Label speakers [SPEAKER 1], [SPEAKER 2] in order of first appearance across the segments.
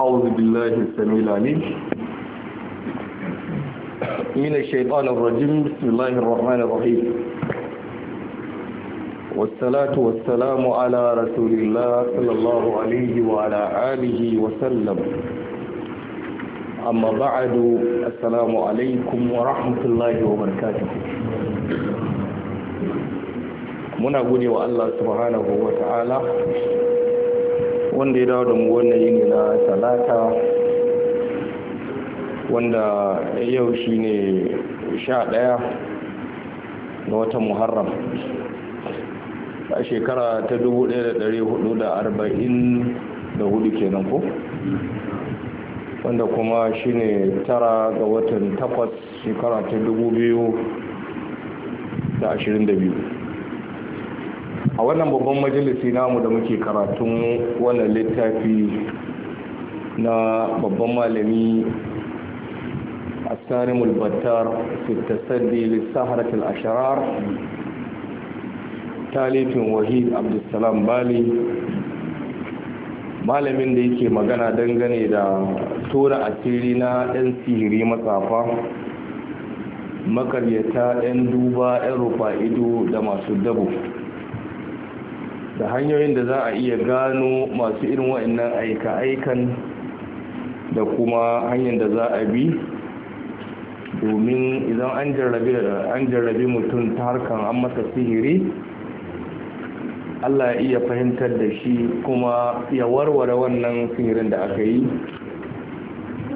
[SPEAKER 1] أعوذ بالله السميع العليم من الشيطان الرجيم بسم الله الرحمن الرحيم والصلاة والسلام على رسول الله صلى الله عليه وعلى آله وسلم أما بعد السلام عليكم ورحمة الله وبركاته muna gode wa Allah subhanahu wa ta'ala wanda ya dawo da mu wannan yini na talata wanda yau shi ne sha ɗaya na watan muharram a shekara ta 1444 kenan ko wanda kuma shi ne tara ga watan takwas shekara ta biyu. a wannan babban majalisi namu da muke karatun wannan littafi na babban malami a tsarin في التسدي للسهرة الأشرار تاليف وحيد عبد malamin da yake magana dangane da tura asiri na 'yan sihiri matsafa makaryata 'yan duba 'yan rufa ido da masu dabo da hanyoyin da za a iya gano masu irin wa'annan aika-aikan da kuma hanyar da za a bi domin idan an jarrabi mutum ta harkar an masa sihiri allah ya iya fahimtar da shi kuma ya warware wannan sihirin da aka yi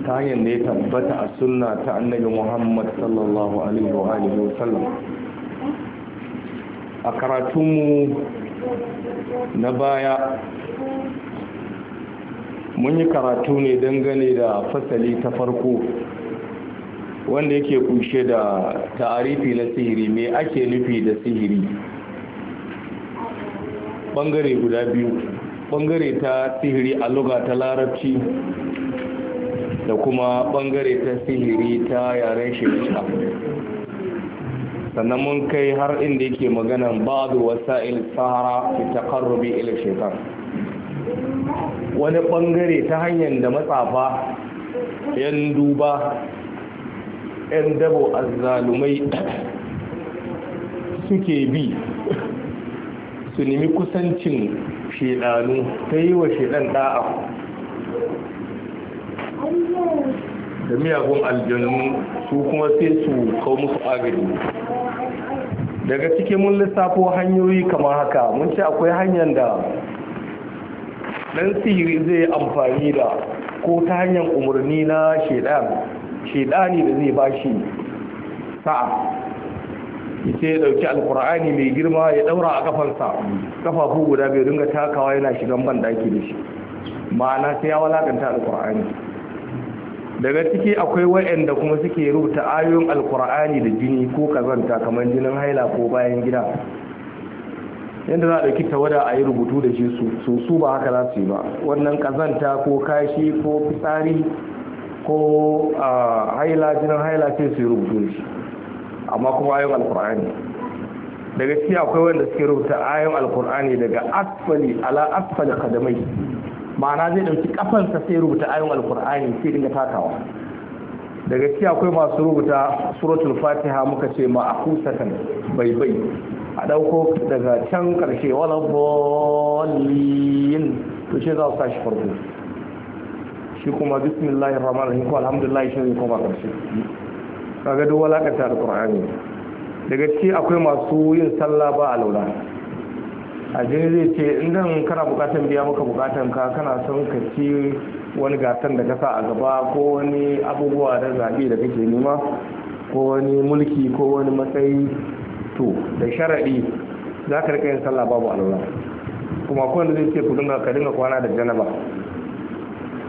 [SPEAKER 1] ta hanyar da ya tabbata a suna ta annabi muhammad sallallahu alaihi wa sallam a karatunmu na baya mun yi karatu ne dangane da fasali ta farko wanda yake ƙunshe da ta'arifi na sihiri mai ake nufi da sihiri bangare guda biyu bangare ta sihiri a luga ta larabci da kuma bangare ta sihiri ta yaren shirya sannan mun kai har inda yake maganan babu wasa'il sahara fi taqarrubi ila shaytan wani bangare ta hanyar da matsafa yan duba yan dabo azzalumai suke bi su nemi kusancin shedanu ta yi wa shedan da'a da miyagun aljanu su kuma sai su kawo musu agaji daga cikin mun lissafo hanyoyi kamar haka mun ce akwai hanyar da ɗan sihiri zai amfani da ko ta hanyar umarni na shaidani da zai bashi sa'a ita ya dauki alkur'ani mai girma ya ɗaura a kafansa kafafu guda bai dinga takawa yana shigan ban daki da shi ma'ana sai ya walakanta alkur'ani daga ciki akwai waɗanda kuma suke rubuta ayoyin alkur'ani da jini ko kazanta kamar jinin haila ko bayan gida yadda za a ɗauki tawada a yi rubutu da shi su su ba haka za su yi ba wannan kazanta ko kashi ko fitsari ko haila jinin haila sai su yi rubutu da shi amma kuma ayoyin alkur'ani daga ciki akwai wanda suke rubuta ayoyin alkur'ani daga asfali ala asfali kadamai ma'ana zai dauki kafansa sai rubuta ayon alkur'ani sai dinga takawa da gaskiya akwai masu rubuta suratul fatiha muka ce ma'akusatan bai bai a dauko daga can karshe wala bolin to shi za su shi farko shi kuma bismillahir rahmanir rahim ko alhamdulillah shi ne kuma karshe kaga duk walakanta alkur'ani daga ciki akwai masu yin sallah ba a laula. a jini zai ce idan kana bukatan biya maka bukatan ka kana son ka ci wani gatan da kasa a gaba ko wani abubuwa da zaɓe da kake nema ko wani mulki ko wani matsayi to da sharaɗi za ka rika yin sallah babu alwala kuma akwai wanda zai ce ku dinga ka dinga kwana da janaba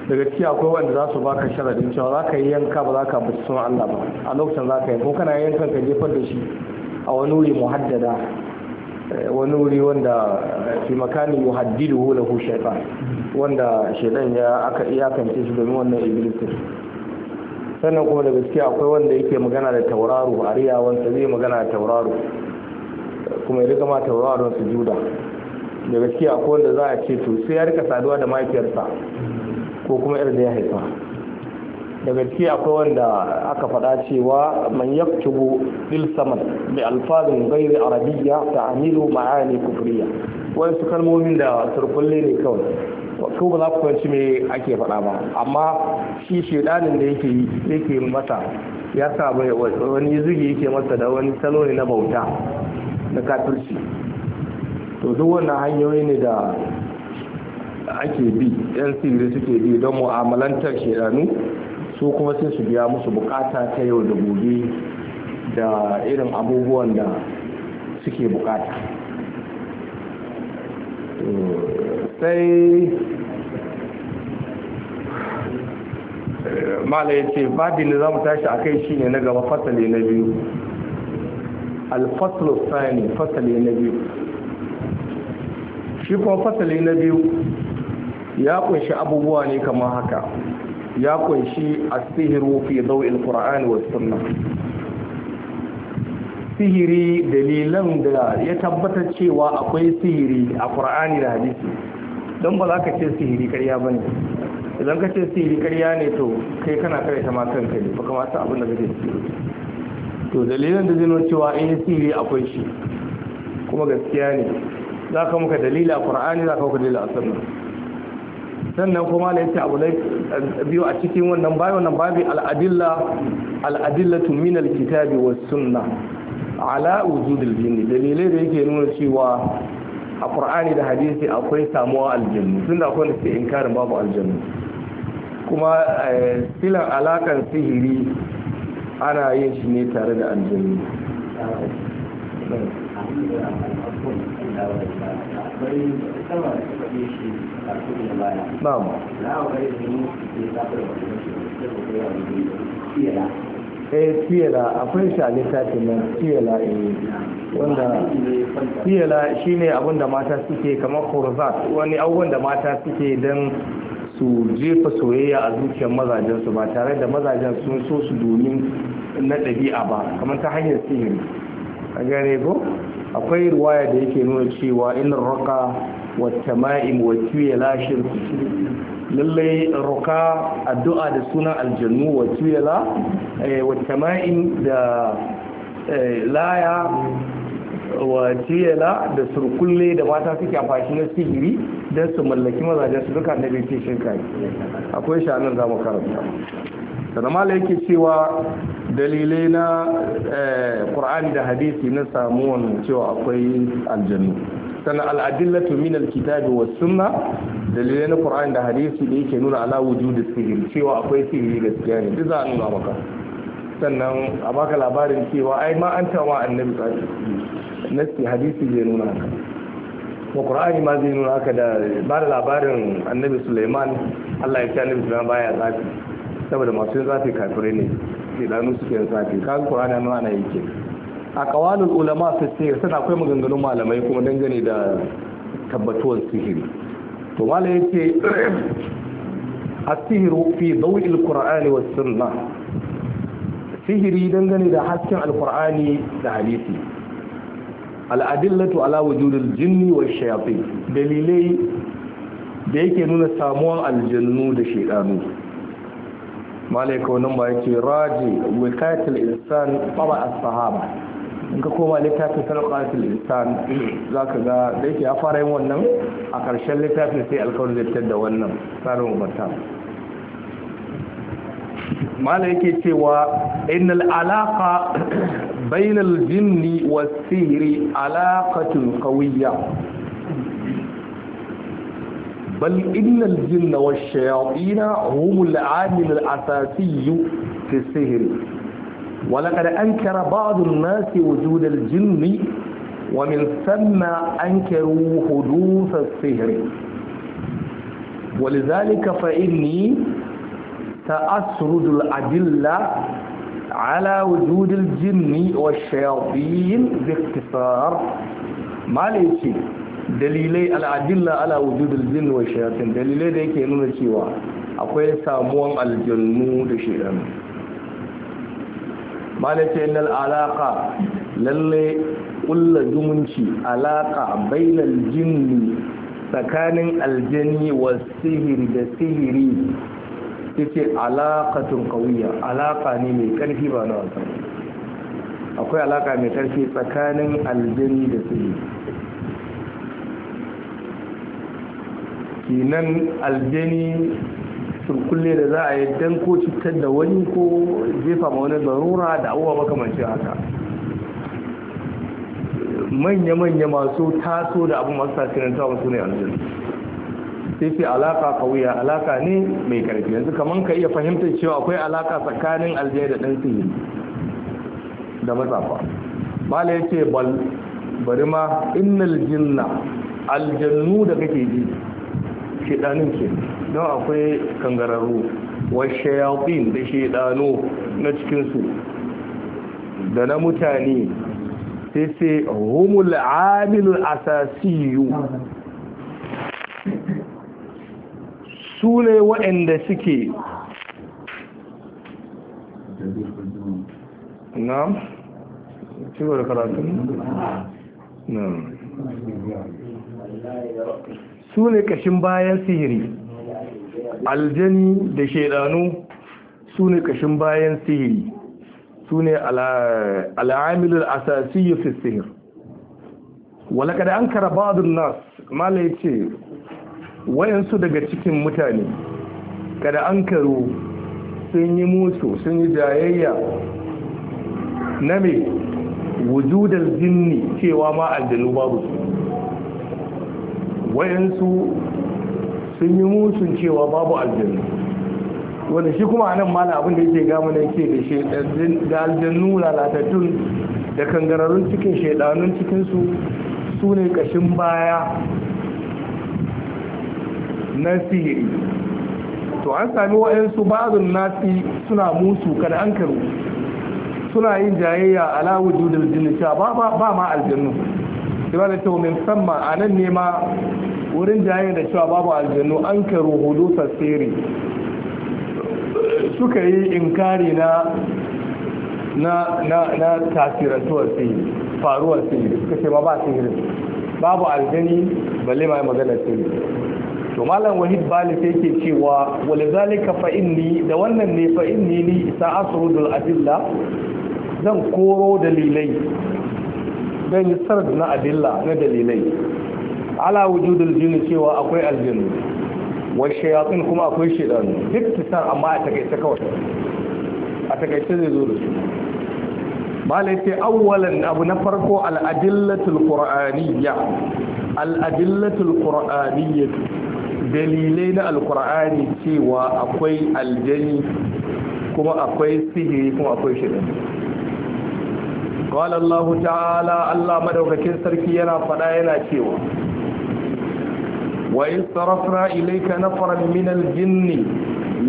[SPEAKER 1] daga ciki akwai wanda za su baka sharaɗin cewa za ka yi yanka ba za ka bi sun allah ba a lokacin za ka yi ko kana yankan ka jefar da shi a wani wuri muhaddada wani wuri wanda fi makani yuhaddidu lahu shaytan wanda shaytan ya aka iyakance shi domin wannan iblis sannan kuma da gaskiya akwai wanda yake magana da tauraro a wanda zai magana da tauraro kuma ya riga ma su juda da gaskiya akwai wanda za a ce to sai ya rika saduwa da mahaifiyarsa ko kuma yar da ya haifa daga ciki akwai wanda aka faɗa cewa man yaktubu bil saman bi alfazin ghairi arabiyya ta'amilu ma'ani kufriya wani su kalmomin da turkulle ne kawai ko ba za ku fahimci me ake faɗa ba amma shi shedanin da yake yake masa ya sa wani zugi yake masa da wani salo ne na bauta na kafirci to duk wannan hanyoyi ne da ake bi yan sirri suke bi don mu'amalantar shedanu su kuma sai su biya musu bukata ta yau da gobe da irin abubuwan da suke bukata
[SPEAKER 2] sai
[SPEAKER 1] mala ya ce babin da za mu tashi a kai shi ne na gaba fasali na biyu alfasalo sani fasali na biyu shi kuma fasali na biyu ya kunshi abubuwa ne kamar haka ya kunshi a sihru fi dawil qur'ani was sunna sihiri dalilan da ya tabbatar cewa akwai sihiri a qur'ani da hadisi don ba za ka ce sihiri karya ba ne idan ka ce sihiri karya ne to kai kana kare ta ma kanka ne ba kamata abin da zai sihiri to dalilan da zai cewa in sihiri akwai shi kuma gaskiya ne za ka muka dalila a qur'ani za ka muka dalila a sunna sannan kuma da yake abu biyu a cikin wannan babu wannan babi al'adilla al'adilla tun adillatu kitabi was sunnah ala dalilai da yake nuna cewa a qur'ani da hadisi akwai samuwa Aljanu, da akwai da in inkarin babu Aljanu. kuma filan eh, alakan sihiri
[SPEAKER 2] ana yin shi ne tare da aljannu akwai na'am
[SPEAKER 1] eh akwai shi a nan tiyala eh
[SPEAKER 2] wanda
[SPEAKER 1] shine abin da mata suke kamar kurzat wani abubuwan da mata suke don su jefa soyayya a zuciyar mazajen su ba tare da mazajen sun so su domin na ɗabi'a ba kamar ta hanyar sihiri a gane ko akwai ruwaya da yake nuna cewa in raka والتمائم والتوية لا شرك lallai roka addu'a da sunan aljannu wa tuyala da laya da surkulle da mata suke amfani na sihiri don su mallaki mazajen su duka annabi ce shin kai akwai shanin zamu karanta sanamala yake cewa dalilai na qur'ani da hadisi na samuwan cewa akwai aljannu sannan al'adillatu min alkitabi was sunna dalilai na qur'ani da hadisi da yake nuna ala wujudi sihiri cewa akwai sihiri gaskiya ne duk za a nuna maka sannan a baka labarin cewa ai ma an tawa annabi tsaki nasti hadisi zai nuna haka kuma qur'ani ma zai nuna haka da ba da labarin annabi Sulaiman Allah ya ce annabi Sulaiman baya zafi saboda masu yin zafi kafirai ne ke danu suke yin tsafi kaga qur'ani ma ana yake a kawalin ulama su ce suna akwai maganganun malamai kuma dangane da tabbatuwar sihiri to malai a asihiru fi dawi alqur'ani was sunna sihiri dangane da hasken alqur'ani da hadisi al'adillatu ala wujudil jinni wa shayatin dalilai da yake nuna samuwan aljannu da shaidanu malai kaunin ba yake raji wikatil insan tsaba as-sahaba in ka koma littafin sarƙatul insan za ka ga da yake ya fara yin wannan a ƙarshen littafin sai alkawarin zai da wannan tsarin umarta mana yake cewa innal alaƙa bainal jinni was sihri alaqatun qawiyya بل إن الجن والشياطين هم العامل الأساسي في السهر ولقد أنكر بعض الناس وجود الجن ومن ثم أنكروا حدوث السحر ولذلك فإني سأسرد الأدلة على وجود الجن والشياطين باختصار ما ليش dalilai الأدلة على وجود الجن والشياطين shayatin dalilai da yake أقول cewa الجنود samuwan malaka innal alaka lalle kulla zumunci alaƙa, bainal jinni tsakanin aljani wa sihiri da sihiri yace alaqatun qawiyya alaka ne mai karfi ba na wasan. akwai alaka mai karfi tsakanin aljani da sihiri kinan aljani surkulle da za a yi dan ko cutar da wani ko jefa ma wani zarura da abubuwa makamancin haka manya-manya masu taso da abu masu ta wasu ne aljanu sai sai alaka kawuya alaka ne mai karfi yanzu kamar ka iya fahimtar cewa akwai alaka tsakanin aljai da ɗan sihiri da matsafa bala ya ce bal bari ma innal jinna aljannu da kake ji shiɗanin ke don akwai kangararru washe yaƙin da shi ɗano na cikinsu da na mutane sai sai humul amilul asasiyu su ne waɗanda suke na cikin da karatun na su ne kashin bayan sihiri aljani da shaidanu su ne kashin bayan sihiri su ne al'amilin asasiyyu fi sihir walaka da an kara badun nas mala ce wayansu daga cikin mutane kada an karo sun yi musu sun yi jayayya na mai wujudar jinni cewa ma aljanu babu su wayansu sun yi musun cewa babu aljanu wanda shi kuma anan mala abin da yake gamu da yake da shedan da aljannu lalatattun da kangararrun cikin shedanun cikin su ne kashin baya na sihiri to an sami wa'ansu bazun nasi suna musu kada an karu suna yin jayayya ala wujudul jinni ba ba ma aljannu ibada to min samma anan ne ma wurin jaye da cewa babu aljannu an karu hudu tasiri suka yi inkari na na na na tasirantuwar sihiri faruwar sihiri suka ce ma ba sihiri babu aljani balle ma magana sihiri to malam wahid bali sai ke cewa wal zalika fa inni da wannan ne fa inni ni isa asrudul adilla zan koro dalilai dan sard na adilla na dalilai ala wujudul jini cewa akwai aljinu wa shayatin kuma akwai shaidan duk tisan amma a takaice kawai a takaice zai zo da su malai ce awwalan abu na farko al'adillatul qur'aniyya al'adillatul qur'aniyya dalilai na alqur'ani cewa akwai aljani kuma akwai sihiri kuma akwai shaidan قال الله تعالى الله مدوكاكين سركي yana fada yana cewa وإذ صرفنا إليك نفرا من الجن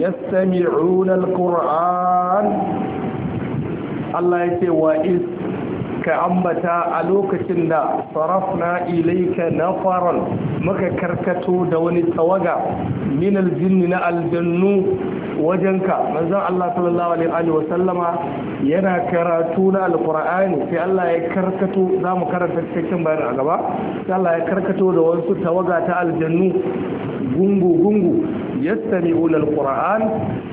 [SPEAKER 1] يستمعون القرآن الله يتي وإذ كأمتا ألوك تندا صرفنا إليك نفرا مكا كركتو دون التوقع من الجن الجنو wajenka manzon Allah sallallahu alaihi wa sallama yana karatu na alqur'ani sai Allah ya karkato zamu karanta cikin bayanin a gaba sai Allah ya karkato da wasu tawaga ta aljannu gungu gungu yastami'una alqur'an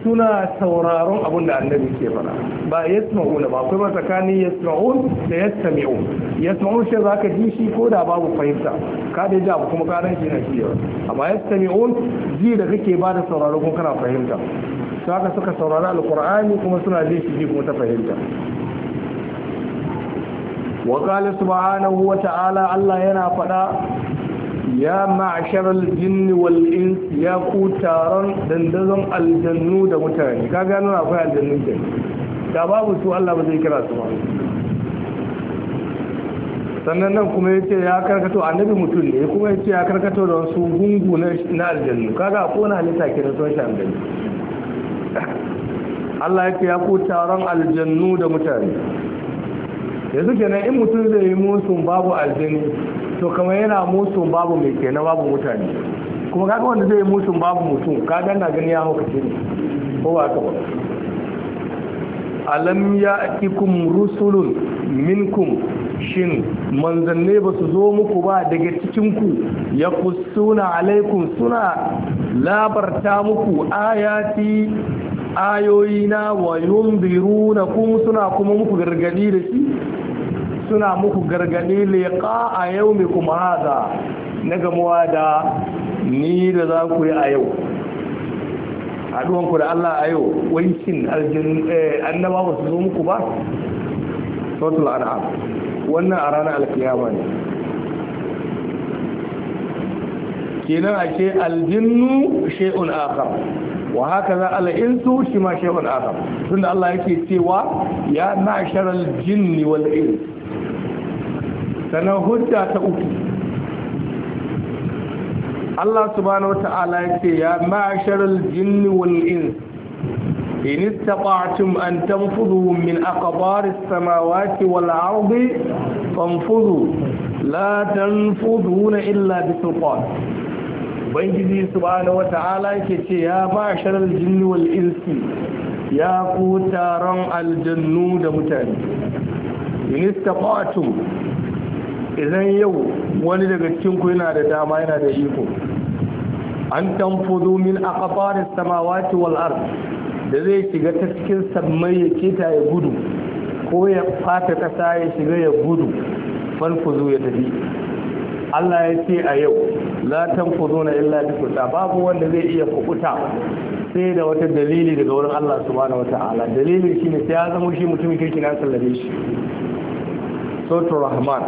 [SPEAKER 1] suna sauraron abin da annabi ke fara ba yasma'una ba akwai matsakani yasma'un da yastami'un yasma'un shi zaka ji shi ko da babu fahimta ka da ji abu kuma ka ran shi na shi amma yastami'un ji da kake ba da sauraro kuma kana fahimta saka suka saurari alkur'ani kuma suna jin shi kuma ta fahimta wa qala subhanahu wa ta'ala Allah yana faɗa ya ma'asharal jinni wal ins ya ku taron dandazon aljannu da mutane ka gano akwai aljannu ke da babu su Allah ba zai kira su ba sannan nan kuma ya ce ya karkato annabi mutum ne kuma ya ce ya karkato da wasu gungu na aljannu kaga a wani halitta ke da sun shi aljannu Allah ya ya ku taron aljannu da mutane yanzu kenan in mutum zai yi musun babu aljini to kamar yana musun babu mai kenan babu mutane kuma kaga wanda zai yi musun babu mutum Ka na gani ya hauka ce ko ba ka ba alam ya'tikum rusulun minkum shin manzanne ba su zo muku ba daga cikinku ya kusuna alaikum suna labarta muku ayati ayoyina wa yunziruna kum suna kuma muku gargadi da shi suna muku gargadi ka a yau kuma hada na gamuwa da ni da za ku yi a yau haduwanku da Allah a yau wancin eh, annaba ba su zo muku ba sautul an'am wannan a ranar alkiyama ne kenan ake aljinnu shi'un akar wa haka za ala insu shi ma shay'un akhar tunda Allah yake cewa ya ma'sharal jinni wal ins sanan hujja ta uku Allah subhanahu wata'ala yake ya ma'sharal jinni wal ins in istata'tum an tanfudhu min aqbaris samawati wal ardi fanfudhu la tanfudhuna illa bi sultan ubangiji subhanahu wata'ala ke ce ya ba sharar jinni wal insi ya ku taron aljannu da mutane minista kwatu idan yau wani daga cikinku yana da dama yana da iko an tamfudu min kafarin samawati wal ard da zai shiga ta cikin sammai ya keta ya gudu ko ya fata kasa ya shiga ya gudu falfuzu ya tafi Allah ya ce a yau la na illa bi babu wanda zai iya kubuta sai da wata dalili daga wurin Allah subhanahu wataala dalilin shine sai ya zama shi mutumin kirki na shi sautu rahman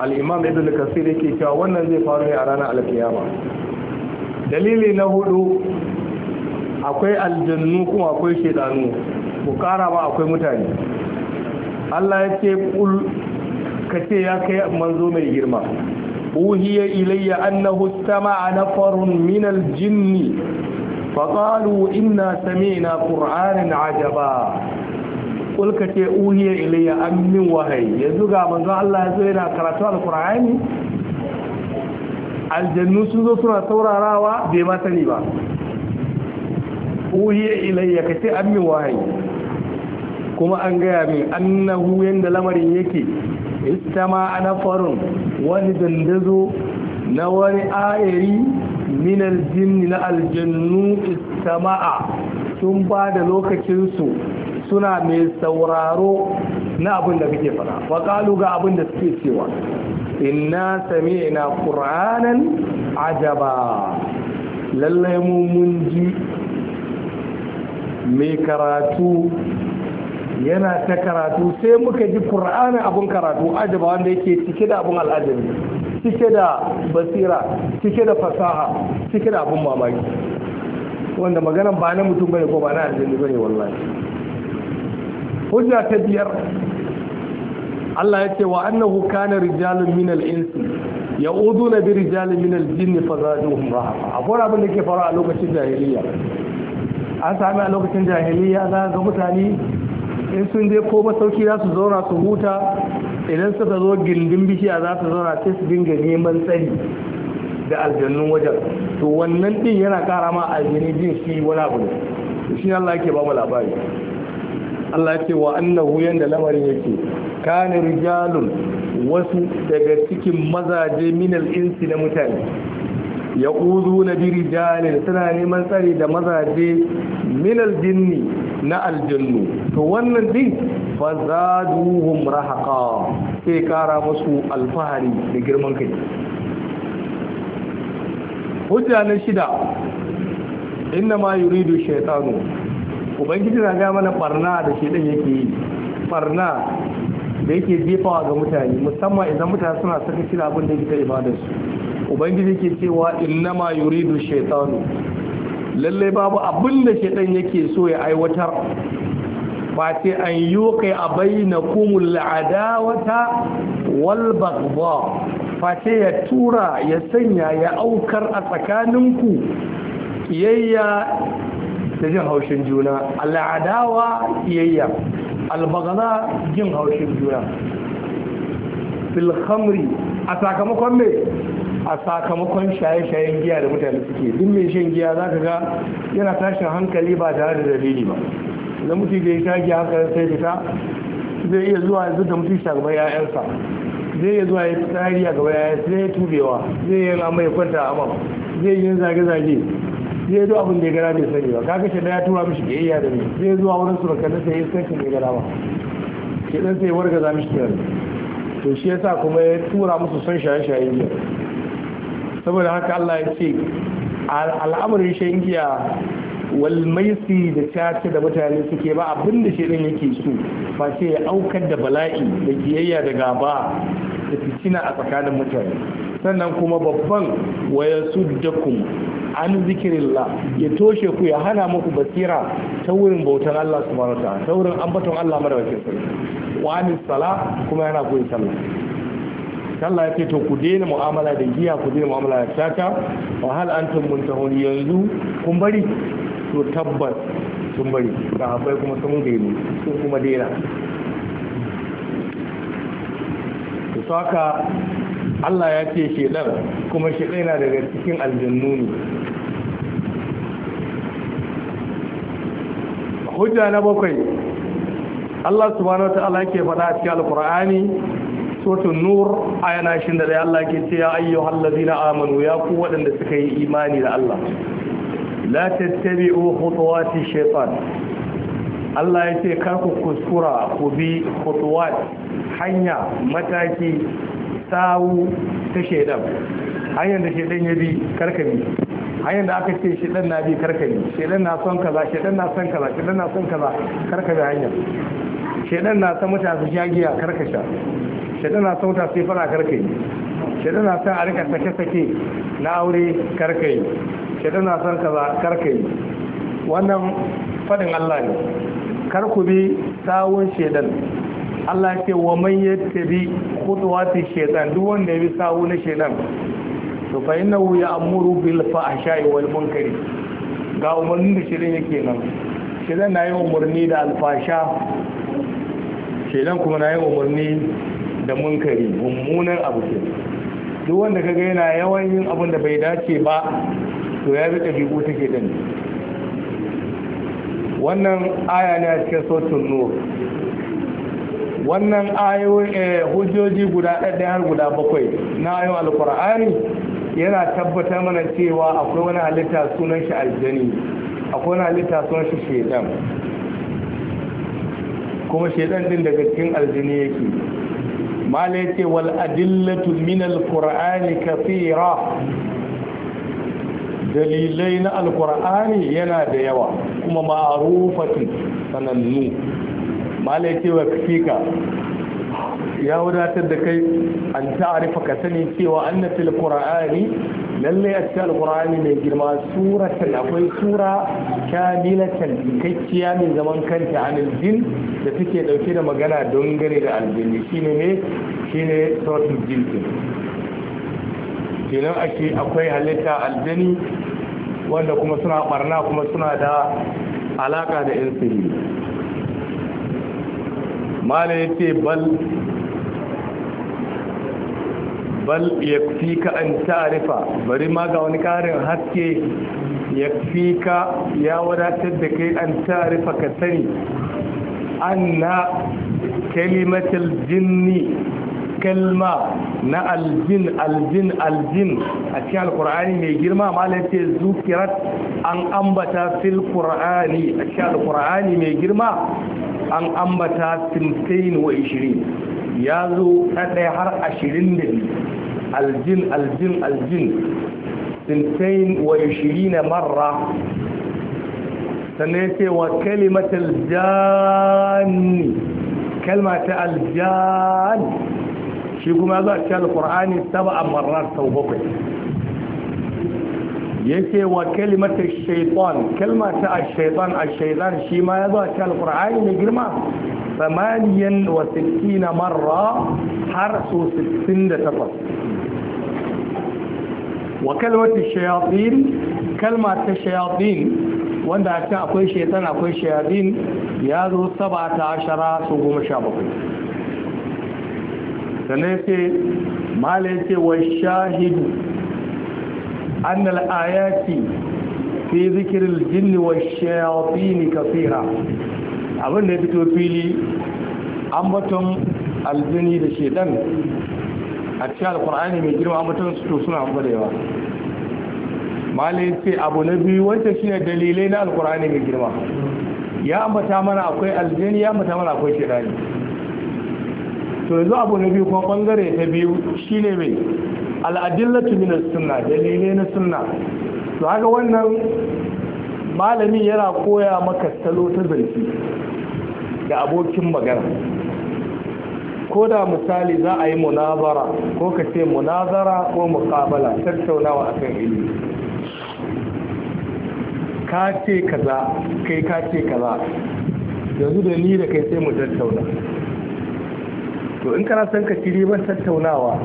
[SPEAKER 1] al-imam ibn kasir yake cewa wannan zai faru ne a ranar alkiyama dalili na hudu akwai aljannu kuma akwai shedanu ku kara ba akwai mutane Allah ya ce kul ka ce ya kai manzo mai girma أوهي إلي أنه استمع نفر من الجن فقالوا إنا سمعنا قرآنا عجبا قل كتي أوهي إلي أمي وهي يزوغا من الله زينا قرأتوا القرآن aljannu sun zo suna saurarawa bai ma sani ba uhiya ilayya kace an min wahayi kuma an gaya min annahu yadda lamarin yake istama anafarun wani dandazo na wani ayari min aljinni na aljannu istama'a sun ba da lokacinsu suna mai sauraro na abin da muke fara waƙalu ga abin da suke cewa inna sami'na qur'anan ajaba lallai mu mun ji mai karatu yana ta karatu sai muka ji qur'ani abin karatu ajaba wanda yake cike da abun al'ajabi cike da basira cike da fasaha cike da abin mamaki wanda maganan ba na mutum bane ko ba na aljanni bane wallahi hujja ta biyar Allah ya ce wa annahu kana rijalun min al-insi ya'uduna bi rijalin min al-jinn fa zaduhum rahaqa akwai abin da ke faruwa a lokacin jahiliya an sami a lokacin jahiliya za ga mutane in sun je ko masauki za su zauna su huta idan suka zo gindin bishiya za su zauna sai su dinga neman tsari da aljannun wajen to wannan din yana kara ma aljini jin shi wani abu shi Allah yake ba mu labari Allah yake wa annahu yanda lamarin yake kana rijalun wasu daga cikin mazaje minal insi na mutane ya na biri suna neman tsari da mazaje minal jinni na aljannu to wannan din fazaduhum zaduhum rahaqa sai kara musu alfahari da girman kai hujja na shida inna ma yuridu shaytanu ubangiji na ga mana barna da shi din yake yi barna da yake jefawa ga mutane musamman idan mutane suna saka shi abin da yake ibadar su ubangiji yake cewa inna ma yuridu shaytanu lalle babu abin da shaitan yake so ya aiwatar ba sai an yi kai a bayyana kumul adawata wal bagba sai ya tura ya sanya ya aukar a tsakaninku kiyayya da jin haushin juna al'adawa kiyayya albagana jin haushin juna filhamri a sakamakon me. a sakamakon shaye-shayen giya da mutane suke duk mai shan giya za ka ga yana tashin hankali ba tare da dalili ba idan mutum da ya shagi giya haka sai fita zai iya zuwa yanzu da mutu sha gaba ya'yansa zai iya zuwa ya tsari a gaba ya'yansa zai tubewa zai yi amma ya kwanta a mam zai yi zage-zage zai zo abin da ya gara bai sani ba kaga shi da ya tura mishi iya da ni zai zuwa wurin surukan sai ya sanci da ya gara ba ke dan sai warga za mishi kiran. to shi yasa kuma ya tura musu son shaye-shayen giya saboda haka Allah ya ce al'amarin shan giya wal maisi da caca da mutane suke ba abin da shaidan yake su ba ce ya aukar da bala'i da kiyayya da gaba da fitina a tsakanin mutane sannan kuma babban waya su da suddakum an la, ya toshe ku ya hana muku basira ta wurin bautan Allah subhanahu wa ta wurin ambaton Allah madawacin sarki wa sala kuma yana koyi sallah Allah ya ce to ku daina mu'amala da giya ku daina mu'amala da shata wa hal antum muntahun yanzu kun bari to tabbas sun bari abai kuma sun daina sun kuma daina to saka Allah ya ce shedan kuma shedan yana daga cikin aljannu ne hujja na bakwai Allah subhanahu wa ta'ala yake faɗa a cikin alqur'ani sotun nur aya na da Allah ke ce ya ayyuhal na amanu ya ku waɗanda suka yi imani da Allah la tattabi'u khutuwati shaytan Allah ya ce kar ku kuskura ku bi khutuwat hanya mataki sawu ta shaidan. hanyar da shaidan ya bi karka bi hanyar da aka ce shaidan na bi karka bi shaytan na son kaza shaidan na son kaza shaidan na son kaza karka bi hanyar Shaidan na ta mutane su shagiya karka sha shaɗana na ta sai fara karkai shaɗana na a rika sake-sake na aure karkai shaɗan na san kaza karkai wannan faɗin Allah ne kar ku bi sawun shaɗan Allah ce wa man yattabi ta shaɗan duk wanda ya bi sawu na shaytan to fa innahu ya'muru bil fahsha'i wal munkari ga umarnin da shirin yake nan shaɗan na yi umarni da alfasha shaɗan kuma na yi umarni da munkari mummunan abu ke duk wanda kaga yana yawan yin abin da bai dace ba to ya bi ɗabi'u ke din wannan aya ne a cikin sautin nur wannan ayoyi eh, hujjoji guda ɗaya har guda bakwai na ayoyin alkur'ani yana tabbatar mana cewa akwai wani halitta sunan shi aljani akwai wani halitta sunan shi shedan kuma shedan din daga cikin aljini yake malai ce wal adillatu min alqur'ani kafira dalilai na alkur'ani yana da yawa kuma ma'rufatin sanannu malai ce wa ya wadatar da kai an ta'arifa ka sani cewa annatil qur'ani lallai a cikin alkur'ani mai girma suratan akwai sura kamilatan cikakkiya mai zaman kanta anil jin da take dauke da magana dangane da aljini shine ne shine suratul jin din kenan ake akwai halitta aljini wanda kuma suna barna kuma suna da alaka da yan sihiri ya ce bal bal ka an ta'rifa bari ma ga wani karin haske ka ya wadatar da kai an ta'rifa ka sani anna kalimatul jinni kalma na aljin aljin aljin a cikin alkur'ani mai girma malam ce zukirat an ambata fil qur'ani a cikin alkur'ani mai girma an ambata sintain wa ishirin ya zo ta ɗaya har ashirin da biyu الجن الجن الجن سنتين وعشرين مرة سنتين وكلمة الجان كلمة الجان شيكو ماذا قال القرآن سبع مرات توبقه يتي وكلمة الشيطان كلمة الشيطان الشيطان شيما يضع كالقرآن نجرمه samaniyan wa sittina marra har su sittin da tafas wa kalmatin shayadin kalma ta shayadin wanda a ta akwai shaitan akwai shayadin ya zo saba ta ashara su goma sha bakwai sannan ce malai ce wa shahidu an al'ayati fi zikirin jini wa shayadini kafira abin da ya fito fili an batun aljini da shedan a cikin alkur'ani mai girma an batun su suna da yawa malai sai abu na biyu wancan ne dalilai na alkur'ani mai girma ya ambata mana akwai aljini ya ambata mana akwai shedani to yanzu abu na biyu kuma bangare ta biyu shine mai al'adillatu min sunna dalilai na sunna to haka wannan malami yana koya maka salo ta zarfi da abokin magana ko da misali za a yi munazara ko ka ce munazara ko mukabala tattaunawa akan ilimi ka ce kaza kai ka ce kaza yanzu da ni da kai sai mu tattauna to in kana son ka ci riban tattaunawa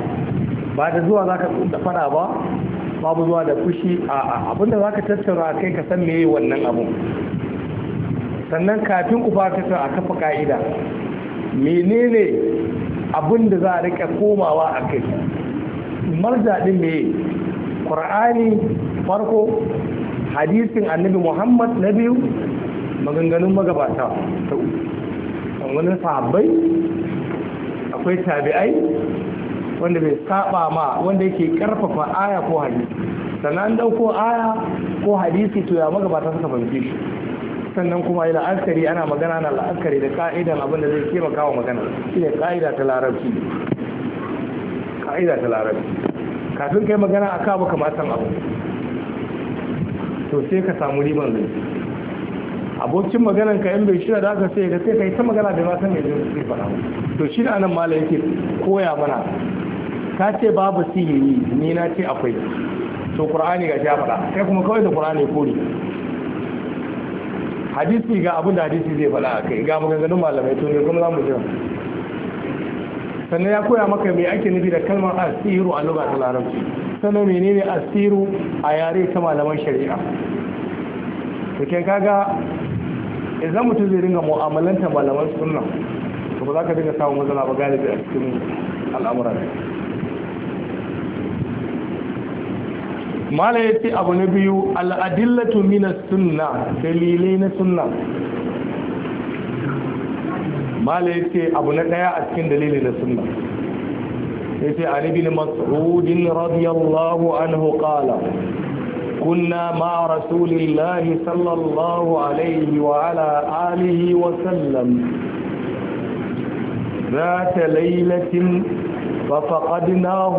[SPEAKER 1] ba da zuwa za ka da fara ba babu zuwa da kushi a abinda ka tattauna kai ka san meye wannan abun sannan kafin ku ta a kafa ka'ida menene abin da za a rika komawa a kai marjaɗin me qur'ani farko hadisin annabi muhammad na biyu maganganun magabata ta wani sahabbai akwai tabi'ai wanda bai saba ma wanda yake karfafa aya ko hadisi sannan dauko aya ko hadisi to ya magabata suka fahimci shi sannan kuma yi la'akari ana magana na la'akari da ka'idan abin da zai taimaka wa magana shi ne ka'ida ta larabci ka'ida ta larabci kafin kai magana a kawo kama san abu to sai ka samu riban zai abokin maganan ka yan bai shi da aka sai ga sai ka yi ta magana da ma san mai zai fara to shi da anan mala yake koya mana ka ce babu sihiri ni na ce akwai to qur'ani ga ya faɗa kai kuma kawai da qur'ani kore hadisi ga abin da hadisi zai faɗa a kai ga maganganun malamai to ne kuma za mu jira sannan ya koya maka mai ake nufi da kalmar asiru a lura ta larabci sannan menene asiru a yare ta malaman shari'a cikin kaga idan mutum zai ringa mu'amalanta malaman sunna to ba za ka dinga samun matsala ba galibi a cikin al'amuran mala ya ce abu na biyu al'adillatu mina sunna dalilai na sunna mala ya ce abu na ɗaya a cikin dalilai na sunna ya ce a nabi mas'udin radiyallahu anhu qala كنا مع رسول الله صلى wa عليه وعلى آله وسلم ذات ليلة ففقدناه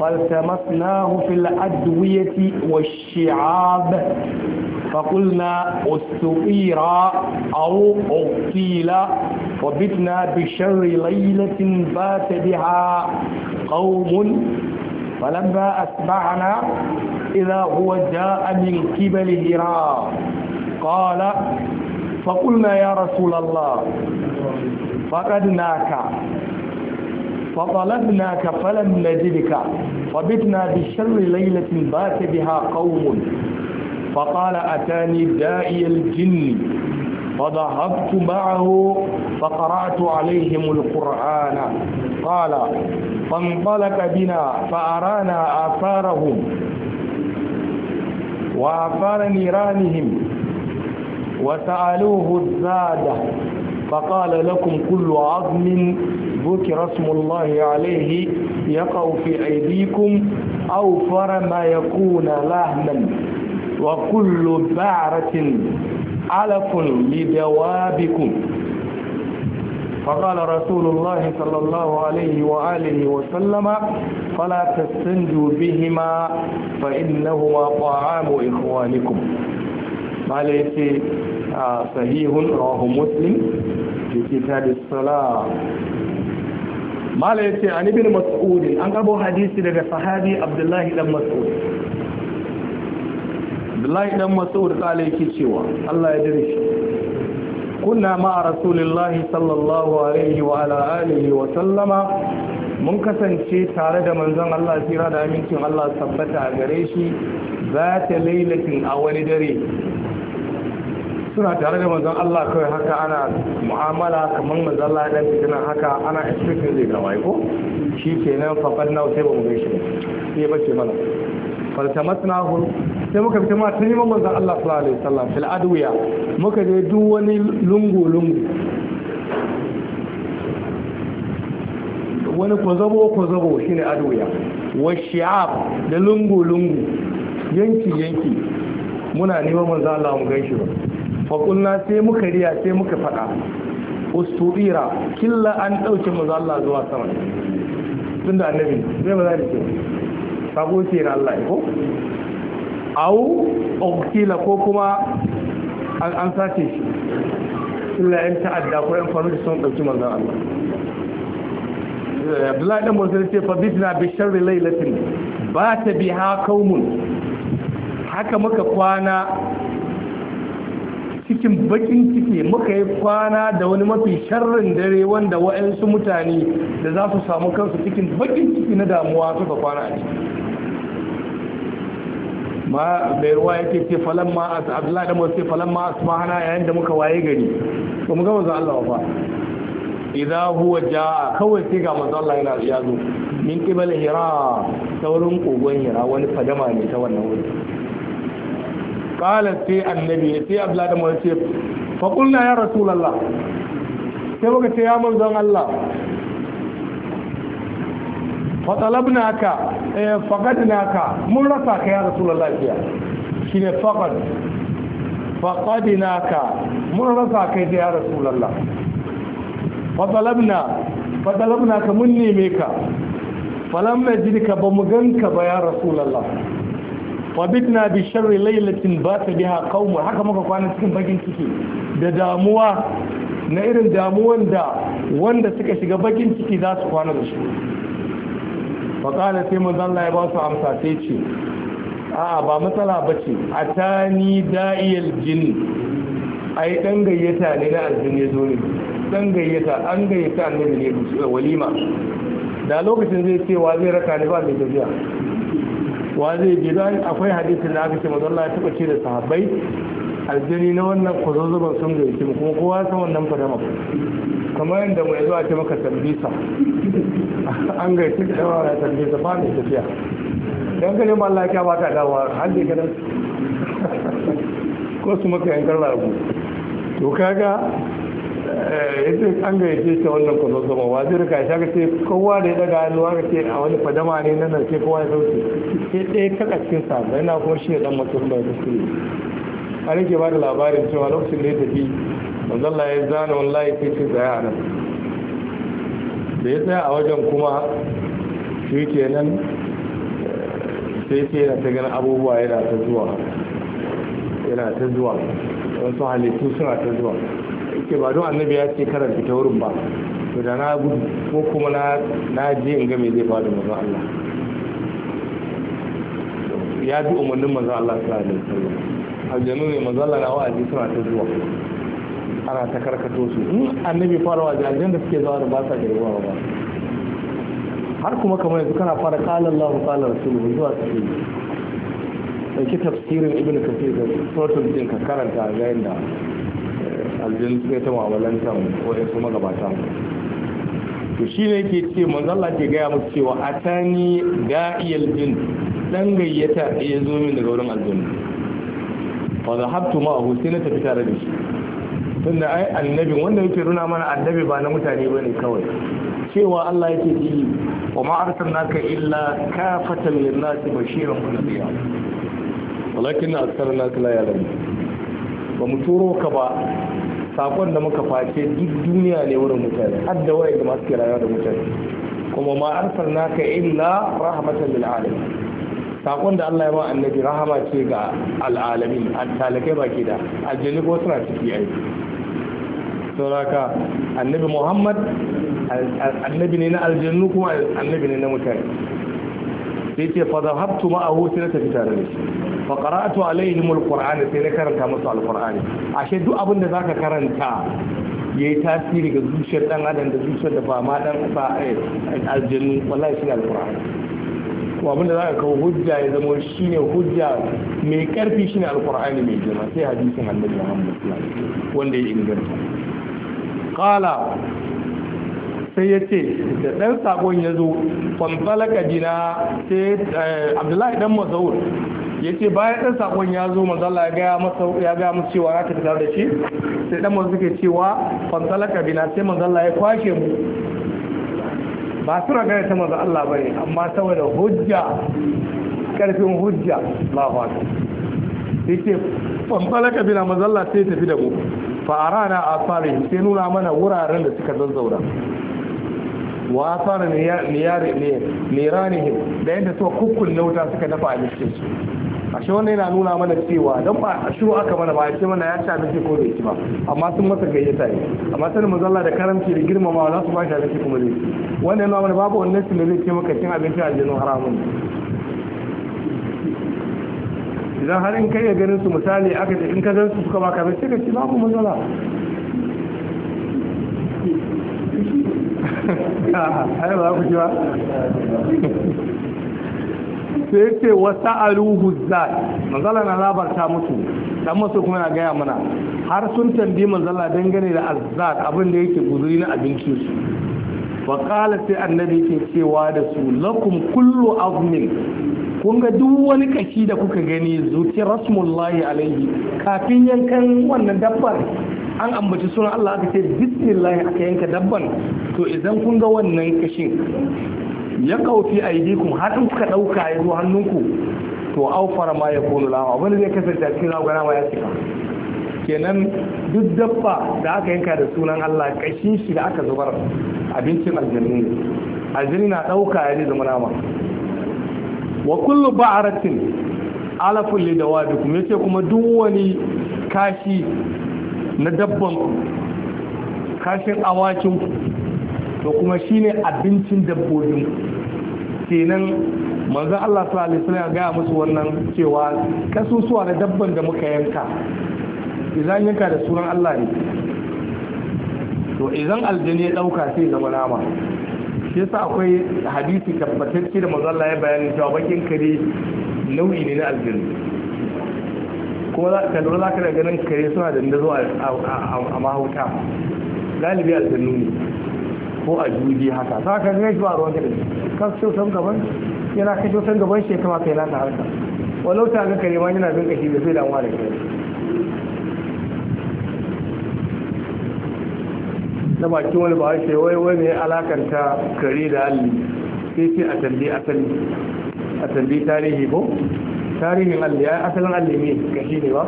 [SPEAKER 1] فالتمسناه في الأدوية والشعاب فقلنا أستطيرا أو أغتيلا وبتنا بشر ليلة بات بها قوم فلما أتبعنا إذا هو جاء من قبل هراء قال فقلنا يا رسول الله فقدناك فطلبناك فلم نجدك فبتنا بالشر ليلة بات بها قوم فقال أتاني دائي الجن فذهبت معه فقرأت عليهم القرآن قال فانطلق بنا فأرانا آثارهم وآثار نيرانهم وسألوه الزاد فقال لكم كل عظم ذكر اسم الله عليه يقع في أيديكم أوفر ما يكون لهما وكل بعرة علف لدوابكم فقال رسول الله صلى الله عليه وآله وسلم فلا تستنجوا بهما فإنهما طعام إخوانكم ما ليس آه، صحيح رواه مسلم في كتاب الصلاة mala yace an ibn mas'ud an gabo hadisi daga sahabi abdullahi dan mas'ud abdullahi dan mas'ud kala yake cewa Allah ya dare shi kunna a rasulillahi sallallahu alaihi wa ala alihi wa sallama mun kasance tare da manzon Allah tsira da amincin Allah tabbata a gare shi za ta lailatin a wani dare suna tare da manzon Allah kawai haka ana mu'amala kamar manzon Allah dan fitina haka ana expecting zai gama ko shi kenan fa fanna sai ba mu gaishe sai ba ce mana hu sai muka fita ma ta neman manzon Allah sallallahu alaihi wasallam fil adwiya muka je duk wani lungu lungu wani kwazabo kwazabo shine adwiya wa shi'ab da lungu lungu yanki yanki muna neman manzon Allah mu gaishe ba faƙunna sai muka riya sai muka faɗa ustuira killa an ɗauke maza Allah zuwa sama tun da annabi zai ba za da ke sabo ce na Allah ko au uktila ko kuma an sace shi illa yan ta'adda ko yan faru sun ɗauki maza Allah Abdullahi dan Musa ce fa bitna bi sharri laylatin ba ta biha kaumun haka muka kwana cikin bakin ciki muka yi kwana da wani mafi sharrin dare wanda wa'ansu mutane da za su samu kansu cikin bakin ciki na damuwa suka kwana a ciki ma bai ruwa yake ce falon ma a abdullahi da masu ce falan ma su hana yayin da muka waye gari ba mu ga manzo Allah ba idza huwa jaa kawai sai ga manzo Allah yana ya zo min qibal hira taurin kogon hira wani fadama ne ta wannan wuri qala sai annabi sai abdullah da mun ce fa qulna ya rasulullah sai muka ce ya zan Allah fa talabna ka eh faqadna ka mun rasa ka ya rasulullah fiya shine faqad faqadna ka mun rasa ka ya rasulullah fa talabna fa talabna ka mun neme ka falamma najidka ba mu ganka ba ya rasulullah wa bitna bi sharri laylatin ba biha qaumu haka muka kwana cikin bakin ciki da damuwa na irin damuwan da wanda suka shiga bakin ciki za su kwana da shi fa sai manzo Allah ya ba su amsa sai ce a'a ba matsala bace atani da'iyal jinn ai dan gayyata ne na ya zo ne dan gayyata an gayyata annabi ne walima da lokacin zai ce wa zai raka ni ba mai tafiya wa zai je don akwai hadisin da aka ce mazan Allah ya taɓa ce da sahabbai aljini na wannan kwazo sun gaishe mu kuma kowa san wannan fadama kamar yadda mai zuwa ce maka tambisa an gaishe da yawa na tambisa ba mai tafiya don ka ma Allah ya ba ta dawa har da gidan ko su maka yankar rabu to kaga Eh, ya ce an gayyace ta wannan kwazo zama wa zai rika shaka ce kowa da ya daga hannu aka ce a wani fadama ne na nan sai kowa ya sauke sai ɗaya kaka cikin sa yana kuma shi ne dan masu ba ta su a yake ba da labarin cewa lokacin da ya tafi wanzalla ya zana layi sai ce tsaya a nan da ya tsaya a wajen kuma shi nan sai ce yana ta ganin abubuwa yana ta zuwa yana ta zuwa wasu halittu suna ta zuwa ce ba don annabi ya ce karanta ta wurin ba to da na gudu ko kuma na je in ga me zai faɗi manzo Allah ya bi umarnin manzo Allah sallallahu alaihi wasallam aljanu ne manzo Allah na wa'azi suna ta zuwa ana ta karkato su in annabi fara wa aljanna suke zuwa da ba sa da ruwa ba har kuma kamar yanzu kana fara qala Allahu qala rasuluhu zuwa su ɗauki tafsirin ibn kafir da suratul jin ka karanta ga da. aljin sai ta mu'amalantar kuma magabata to shi ne ke ce manzala ke gaya muku cewa a ta ni jin dan gayyata ya zo min daga wurin aljanna fa da habtu ma sai na tafi tare da shi tunda ai annabi wanda yake nuna mana annabi ba na mutane ba ne kawai cewa Allah yake ji wa ma ka illa kafatan lin bashiran wa nadhira walakin aktharun la ya'lamun ba mu turo ka ba sakon da muka face duk duniya ne wurin mutane har da waye da masu kira rayuwa da mutane kuma ma arsalnaka illa rahmatan lil alamin sakon da Allah ya ba annabi rahama ce ga al'alamin al-talakai baki da aljini ko suna ciki ai sauraka annabi Muhammad annabi ne na aljannu kuma annabi ne na mutane sai ce fa zahabtu ma'ahu sai na tafi tare da shi fa qara'tu alaihim Alƙur'ani sai na karanta musu Alƙur'ani. ashe duk abin da zaka karanta yayi tasiri ga zuciyar ɗan adam da zuciyar da ba ma dan ba eh, aljin wallahi shi alqur'ani abin da zaka kawo hujja ya zama ne hujja mai karfi ne Alƙur'ani mai girma sai hadisin annabi Muhammad wanda ya inganta qala sai ya ce da ɗan sakon ya zo fanfalaka dina sai eh, abdullahi dan mazaun ya ce bayan ɗan saƙon ya zo manzala ya gaya masa cewa ya tafi tare da shi sai ɗan masu suke cewa fansalaka bina sai manzala ya kwashe mu ba su ragaya ta manzo Allah bane amma saboda hujja ƙarfin hujja Allahu akbar Ya ce bina manzo Allah sai tafi da mu fa arana asari sai nuna mana wuraren da suka zazzaura wa asara ne ne ne ne da yadda suka kukkulle wuta suka dafa a cikin su ashe wannan yana nuna mana cewa don ba a shiru aka mana ba a ce mana ya ci abinci ko zai ci ba amma sun masa gayyata ne amma sani mazalla da karamci da girmamawa za su ba shi abinci kuma zai ci wannan yana mana babu wannan sun da zai ce maka cin abinci a jinin haramun idan har in kai ya ganin su misali aka ce in ka gan su suka baka abinci ka ci babu matsala ai ba ku ci ba sai wasu al'uhu zai manzala na labarta musu dan musu kuma ya gaya mana har sun tambayi manzala dangane da azzat abinda yake guzuri na abincin su wa kala sai annabi yake cewa da su lakum kullu azmin kun ga duk wani kashi da kuka gani zuci a alaihi kafin yankan wannan dabbar an ambaci sunan Allah aka ce bismillah aka yanka dabban to idan kun ga wannan kashin ya kaufi yi jikun, haɗin kuka ɗauka ya zo hannunku to aufara ma ya kono lawa Wani zai kasance a cikin zagwana ma ya cika kenan duk dabba da aka yanka da sunan Allah kashin shi da aka zubar abincin aljanni ne aljanni na ɗauka ya zama nama wa kullu alafin alafun li kuma yace kuma duk wani kashi na dabban kashin awakin to kuma shi ne abincin dabbobin kenan manzo Allah sallallahu alaihi wasallam ga musu wannan cewa kasusuwa na dabban da muka yanka idan yanka da suran Allah ne to idan aljani ya dauka sai zama nama shi yasa akwai hadisi tabbatacce da manzo Allah ya bayani cewa bakin kare nau'i ne na aljani kuma za ka lura za ka ganin kare suna da ndazo a mahauta galibi aljanu ne ko a juji haka za ka gane zuwa ruwan da ka so san gaban yana ka san gaban shi kuma kai naka harka walau ta ga kare ma yana bin kashi da sai damuwa da kai na baki wani ba shi wai wai ne alakanta kare da alli sai ce a tambi asali a tambi tarihi ko tarihin alli ai asalin alli ne kashi ne ba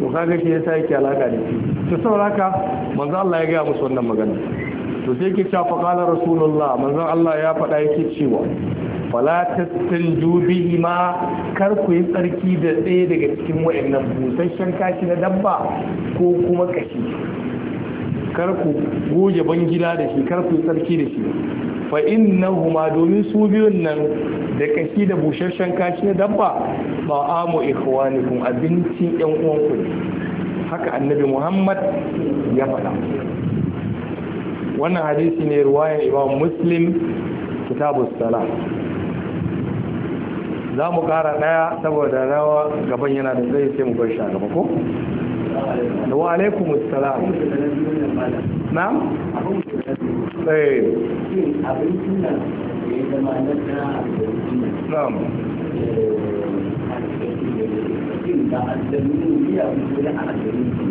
[SPEAKER 1] to kaga shi yasa yake alaka da shi to saboda haka manzo Allah ya ga musu wannan magana to sai ke cewa kala rasulullah manzon Allah ya faɗa yake cewa fala tastalju bihi ma kar ku yi tsarki da tsaye daga cikin wayannan busasshen kashi na dabba ko kuma kashi kar ku goge ban gida da shi kar ku yi tsarki da shi fa innahuma domin su biyun nan da kashi da busasshen kashi na dabba ba amu ikhwanikum abincin yan uwanku ne haka annabi Muhammad ya faɗa wannan hadisi ne ruwayan imam muslim kitabu sala za mu kara daya saboda rawa gaban yana da zai sai mu bar shi gaba ko
[SPEAKER 2] wa alaikum assalam na'am eh na'am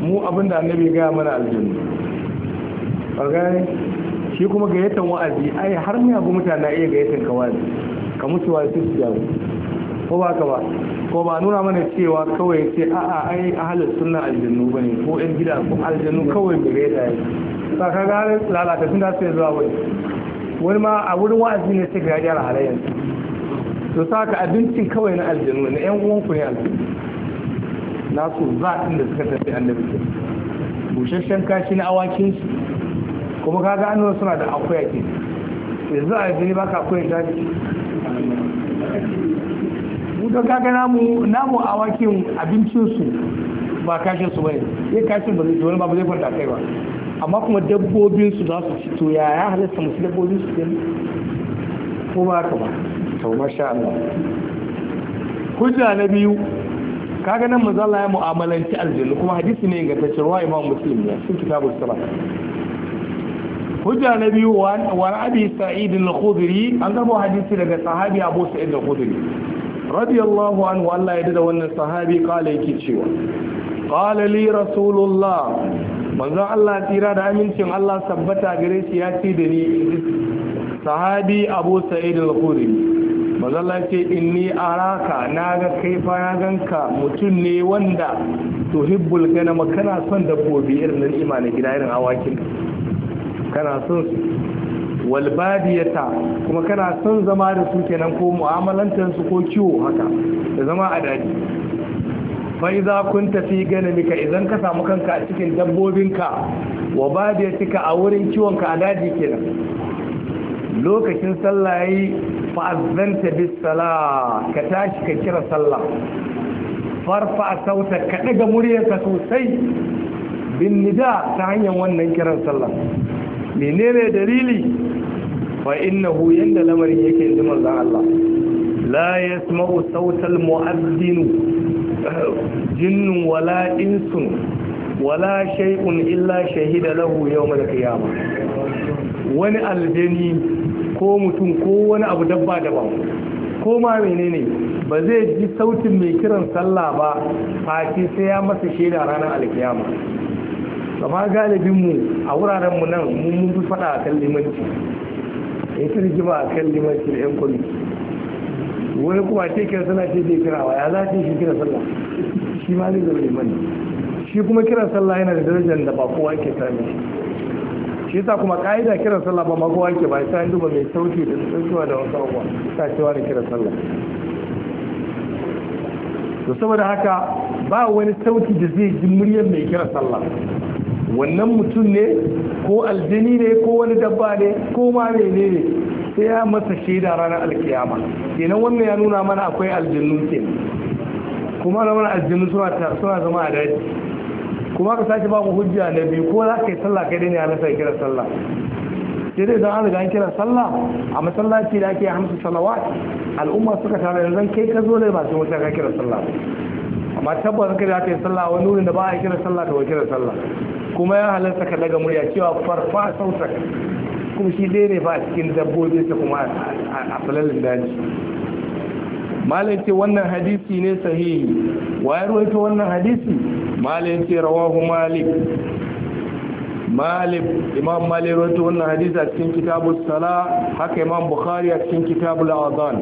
[SPEAKER 1] mu abinda annabi ga mana aljanna a gane shi kuma gayyatar wa'azi ai har mai abu mutane iya gayyatar ka wa'azi ka mutu wa'azi su jawo ko ba ka ba ko ba nuna mana cewa kawai ce a'a ai a ahalin sunna aljannu ba ne ko yan gida ko aljannu kawai mai gayyata ya ba ka ga halin lalata sun da zuwa wani wani ma a wurin wa'azi ne sai ka gyara halayen to sa ka abincin kawai na aljannu na yan uwan ku ne aljannu nasu zaɗin da suka tafi annabi busasshen kashi na awakin su kuma kaga an suna da akwai ke yanzu a yanzu ba ka akwai ta ce don kaga namu a wakin abincinsu ba kashin su bane ya kashin ba zai wani ba zai kwanta kai ba amma kuma dabbobin su za su fito ya ya halitta musu dabbobin su ne? ko ba ka ba
[SPEAKER 2] to masha Allah
[SPEAKER 1] hujja na biyu kaga nan mazala ya mu'amalanci aljanna kuma hadisi ne ga tacirwa Imam Muslim ne cikin kitabul ba. hujja na biyu wa abi sa'id al-khudri an gabo hadisi daga sahabi abu sa'id al-khudri radiyallahu anhu Allah ya da wannan sahabi kala yake cewa qala li rasulullah manzon Allah tira da amincin Allah sabbata gare shi ya ce da ni sahabi abu sa'id al-khudri manzon Allah ya ce inni araka naga kai fa ganka mutum ne wanda tuhibbul ganama kana son dabbobi irin na imanin gida irin awakin kana son su wal badiyata kuma kana son zama da su kenan ko mu'amalantarsu ko kiwo haka da zama a daji fa idza kunta fi ganamika idan ka samu kanka a cikin dabbobinka wa badiyatika a wurin kiwon ka a daji kenan lokacin sallah yayi fa azanta bis ka tashi ka kira sallah farfa sauta ka daga muryarka sosai bin nida ta hanyar wannan kiran sallah menene dalili fa innahu yanda lamarin yake inda manzon Allah la yasma'u sautal jinnun wala insun wala shay'un illa shahida lahu yawm al-qiyamah wani aljani ko mutum ko wani abu dabba daban ko ma menene ba zai ji sautin mai kiran sallah ba Fati sai ya masa shaida ranar alkiyama amma galibinmu a wurarenmu nan mun mutu fada a kan limanci ya fi rigima a kan limanci da yan kwamiti wani kuma ce kira sallah ce zai kira wa ya za ce shi kira sallah shi ma zai zama limani shi kuma kira sallah yana da darajar da ba kowa ke sami shi ta kuma ka'ida kira sallah ba magowa ke ba sai an duba mai sauki da tsuntsuwa da wasu abuwa ta cewa da kira sallah to saboda haka ba wani sauki da zai ji muryar mai kira sallah wannan mutum ne ko aljini ne ko wani dabba ne ko ma ne ne sai ya masa shaida ranar alkiyama kenan wannan ya nuna mana akwai aljinnun ke kuma na mana suna zama a daji kuma ka sake ba mu hujja na biyu ko za ka yi sallah kai dai ne halatta ya kira sallah sai dai zan an kira sallah a masallaci da ake hamsu salawat al'umma suka tara da zan kai ka zo ne ba sai wata ka kira sallah amma tabbas kai da yi sallah wani wurin da ba a kira sallah da wakira kira sallah kuma ya halarta ka daga murya cewa farfa sautak kuma shi dai ne ba a cikin ta kuma a falalin daji malam ce wannan hadisi ne sahihi wa ya ruwaito wannan hadisi malam ce rawahu malik malik imam malik rawaito wannan hadisi a cikin kitabu sala haka imam bukhari a cikin kitabul azan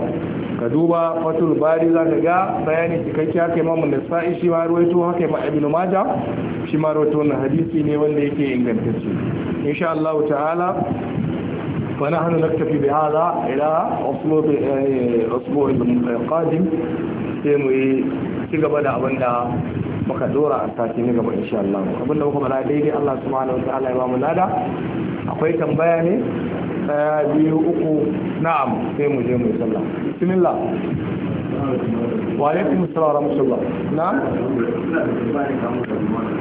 [SPEAKER 1] ka duba fatul bari za ka ga bayani cikakke haka imam nasa'i shi ma rawaito haka imam ibn majah shi ma rawaito wannan hadisi ne wanda yake ingantacce insha Allah ta'ala فنحن نكتفي بهذا إلى أسبوع القادم sai mu yi ci gaba da abin da muka dora a sati ne gaba insha Allah abin da muka bala daidai Allah subhanahu wa ta'ala ya ba mu lada akwai tambaya ne daya biyu uku na'am sai mu je mu yi sallah bismillah wa alaikum assalam wa rahmatullah na'am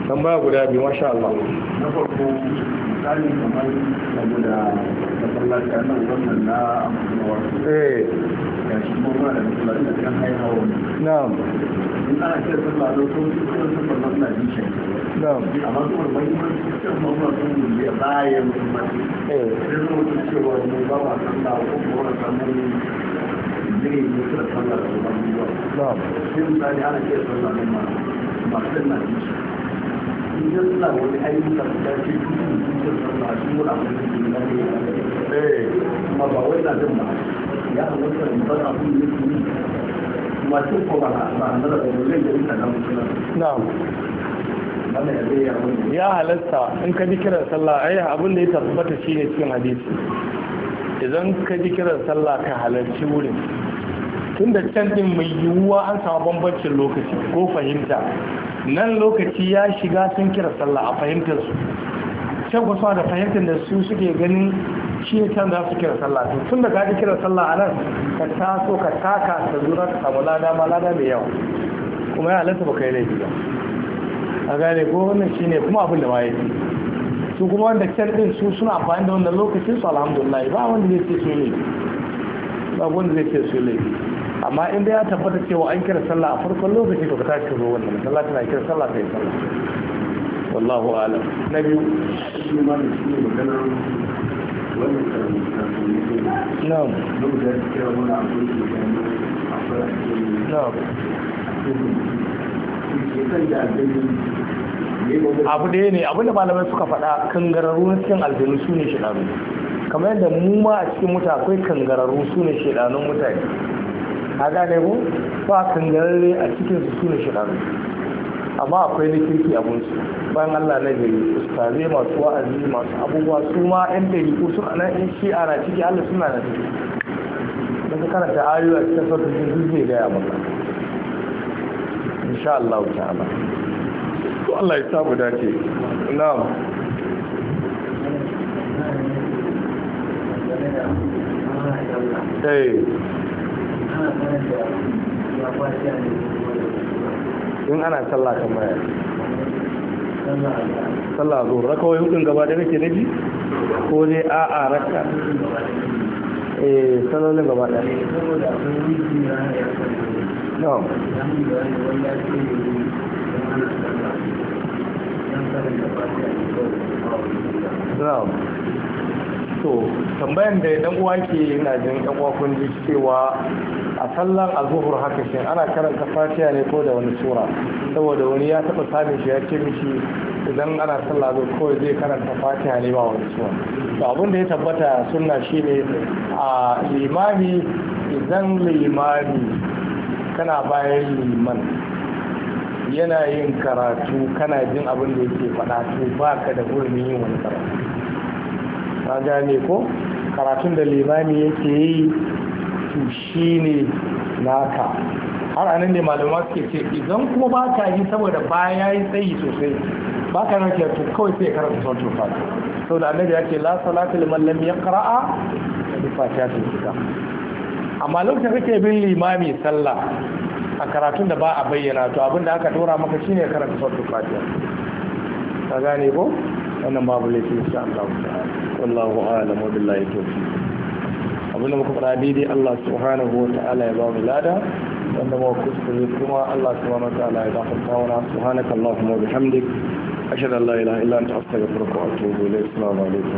[SPEAKER 1] tambaya guda biyu masha Allah
[SPEAKER 2] na farko misali kamar saboda masallaci kan wannan na eh na'am na'am na'am idan na wani ayyukan da ke kuma masu wani abu da ke nan ne kuma eh. ba wai na jin ba ya halatta ribar abin da su yi masu ko a da da ita
[SPEAKER 1] na ya halatta in ka ji kiran sallah ai abin da ya tabbata shine cikin hadisi idan ka ji kiran sallah ka halarci wurin tun can din mai yiwuwa an samu bambancin lokaci ko fahimta nan lokaci ya shiga sun kira sallah a fahimtar su can kusa da fahimtar da su suke ganin shi can za su kira sallah to tun da gaji kira sallah a nan ka taso ka taka ka zura ka samu lada ma lada mai yawa kuma ya halatta baka yi laifi ba a gane ko wannan shi ne kuma abin da ma yi su kuma wanda can din su suna amfani da wannan lokacin su alhamdulillah ba wanda zai ce su ne ba wanda zai ce su ne amma in ya tabbata cewa an kira sallah a farkon lokaci to ka tashi ka zo wannan sallah tana kira sallah ta yi sallah wallahu alam
[SPEAKER 2] na biyu نعم
[SPEAKER 1] abu ɗaya ne abinda malamai suka faɗa kangararru na cikin aljanu su ne shidanu kamar yadda mu ma a cikin muta akwai kangararru su ne shidanun mutane a gane mu ba kangararre a cikin su ne shidanu amma akwai na kirki su. bayan Allah na gari ustaze masu wa'azi masu abubuwa su ma yan dari ko su nan in shi ana ciki Allah suna na ciki daga karanta ayoyi cikin sautin jin zuzi gaya maka insha Allah wuce ana
[SPEAKER 2] to Allah ya samu dace na'am eh
[SPEAKER 1] in ana sallah kamar sallah zuwa raka wai hukun gaba da nake da bi ko dai a a raka
[SPEAKER 2] eh sallolin gaba da na'am na'am So,
[SPEAKER 1] tambayan da dan uwa ke yana jin dan uwa kun ji cewa a sallan azhur haka shin ana karanta fatiha ne ko da wani sura saboda wani ya taɓa samun shi ya ce mishi idan ana sallah zo kawai zai karanta fatiha ne ba wani suwa to abin da ya tabbata sunna shine a limami idan limami kana bayan liman yana yin karatu kana jin abin da yake faɗa to baka da hurumin yin wani karatu na gane ko karatun da limami yake yi to shine naka har anan ne malama suke ce idan kuma ba ka yi saboda ba ya yi tsayi sosai ba ka rake to kawai sai karanta sautin fata saboda annabi ya ce la salatu liman lam yaqra'a bi fatihatil kitab amma lokacin kake bin limami sallah a karatun da ba a bayyana to abin da aka dora maka shine karanta sautin fatiha ka gane ko wannan babu laifi insha Allah wallahu a'lamu billahi tawfiq abin da muka fara daidai Allah subhanahu wa ta'ala ya ba mu lada wanda ma kuskure kuma Allah subhanahu wa ta'ala ya gafarta wa na subhanaka allahumma wa bihamdik ashhadu an la ilaha illa anta astaghfiruka wa atubu